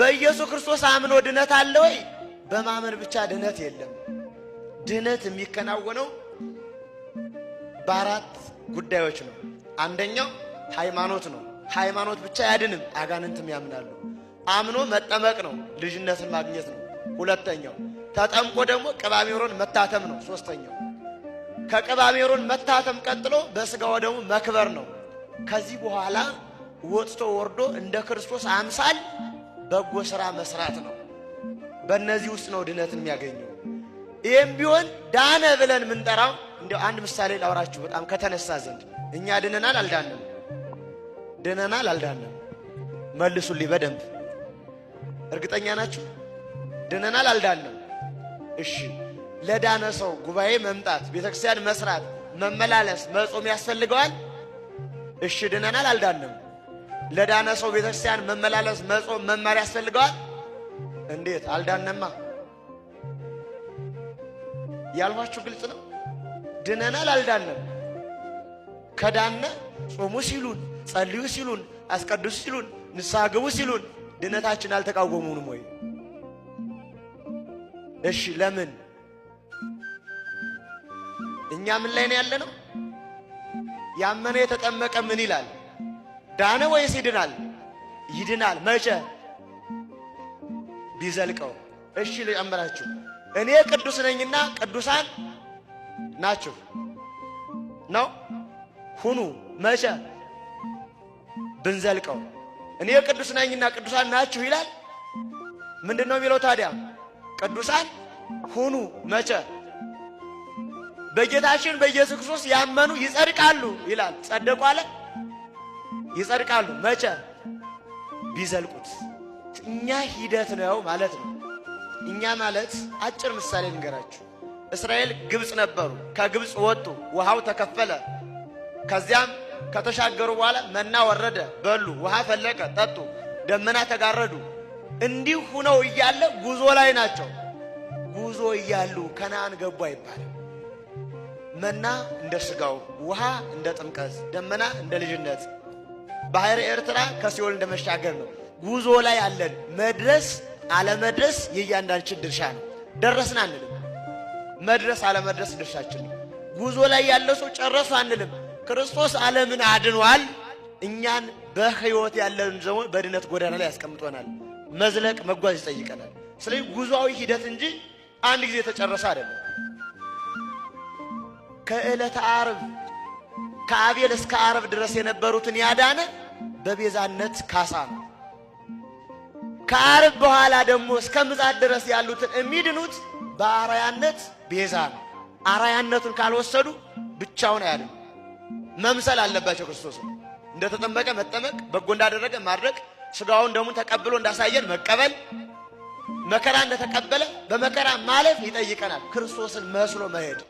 በኢየሱስ ክርስቶስ አምኖ ድነት አለ ወይ? በማመን ብቻ ድነት የለም። ድነት የሚከናወነው በአራት ጉዳዮች ነው። አንደኛው ሃይማኖት ነው። ሃይማኖት ብቻ አያድንም፣ አጋንንትም ያምናሉ። አምኖ መጠመቅ ነው፣ ልጅነትን ማግኘት ነው። ሁለተኛው ተጠምቆ ደግሞ ቅባሜሮን መታተም ነው። ሶስተኛው ከቅባሜሮን መታተም ቀጥሎ በስጋው ደግሞ መክበር ነው። ከዚህ በኋላ ወጥቶ ወርዶ እንደ ክርስቶስ አምሳል በጎ ስራ መስራት ነው። በእነዚህ ውስጥ ነው ድነት የሚያገኘው። ይህም ቢሆን ዳነ ብለን የምንጠራው እንደ አንድ ምሳሌ ላውራችሁ በጣም ከተነሳ ዘንድ እኛ ድነናል አልዳንም? ድነናል አልዳንም? መልሱልኝ በደንብ እርግጠኛ ናችሁ? ድነናል አልዳንም? እሺ ለዳነ ሰው ጉባኤ መምጣት፣ ቤተክርስቲያን መስራት፣ መመላለስ፣ መጾም ያስፈልገዋል? እሺ ድነናል አልዳንም? ለዳነ ሰው ቤተክርስቲያን መመላለስ፣ መጾም፣ መማር ያስፈልገዋል? እንዴት አልዳነማ። ያልኋችሁ ግልጽ ነው። ድነናል፣ አልዳነም። ከዳነ ጾሙ ሲሉን፣ ጸልዩ ሲሉን፣ አስቀድሱ ሲሉን፣ ንስሐ ግቡ ሲሉን ድነታችን አልተቃወሙንም ወይ? እሺ ለምን እኛ ምን ላይ ነው ያለነው? ያመነ የተጠመቀ ምን ይላል? ዳነ ወይስ ይድናል? ይድናል። መቼ ቢዘልቀው። እሺ ልጨምራችሁ። እኔ ቅዱስ ነኝና ቅዱሳን ናችሁ ነው ሁኑ። መቼ ብንዘልቀው። እኔ ቅዱስ ነኝና ቅዱሳን ናችሁ ይላል። ምንድን ነው የሚለው ታዲያ? ቅዱሳን ሁኑ። መቼ በጌታችን በኢየሱስ ክርስቶስ ያመኑ ይጸድቃሉ ይላል። ጸደቁ አለ ይጸድቃሉ። መቼ ቢዘልቁት። እኛ ሂደት ነው ማለት ነው። እኛ ማለት አጭር ምሳሌ ንገራችሁ። እስራኤል ግብፅ ነበሩ። ከግብፅ ወጡ። ውሃው ተከፈለ። ከዚያም ከተሻገሩ በኋላ መና ወረደ፣ በሉ። ውሃ ፈለቀ፣ ጠጡ። ደመና ተጋረዱ። እንዲህ ሁነው እያለ ጉዞ ላይ ናቸው። ጉዞ እያሉ ከነአን ገቡ አይባልም። መና እንደ ስጋው፣ ውሃ እንደ ጥምቀት፣ ደመና እንደ ልጅነት ባህር ኤርትራ ከሲኦል እንደመሻገር ነው። ጉዞ ላይ አለን። መድረስ አለመድረስ የእያንዳንችን ድርሻ ነው። ደረስን አንልም። መድረስ አለመድረስ ድርሻችን ነው። ጉዞ ላይ ያለው ሰው ጨረሱ አንልም። ክርስቶስ ዓለምን አድኗል። እኛን በህይወት ያለን ደግሞ በድነት ጎዳና ላይ ያስቀምጦናል። መዝለቅ መጓዝ ይጠይቀናል። ስለዚህ ጉዞዊ ሂደት እንጂ አንድ ጊዜ የተጨረሰ አይደለም። ከዕለተ ዓርብ ከአቤል እስከ ዓርብ ድረስ የነበሩትን ያዳነ በቤዛነት ካሳ ነው። ከአርብ በኋላ ደግሞ እስከ ምጽአት ድረስ ያሉትን የሚድኑት በአራያነት ቤዛ ነው። አራያነቱን ካልወሰዱ ብቻውን አያድኑ። መምሰል አለባቸው ክርስቶስ እንደተጠመቀ መጠመቅ፣ በጎ እንዳደረገ ማድረግ፣ ስጋውን ደሙን ተቀብሎ እንዳሳየን መቀበል፣ መከራ እንደተቀበለ በመከራ ማለፍ ይጠይቀናል። ክርስቶስን መስሎ መሄድ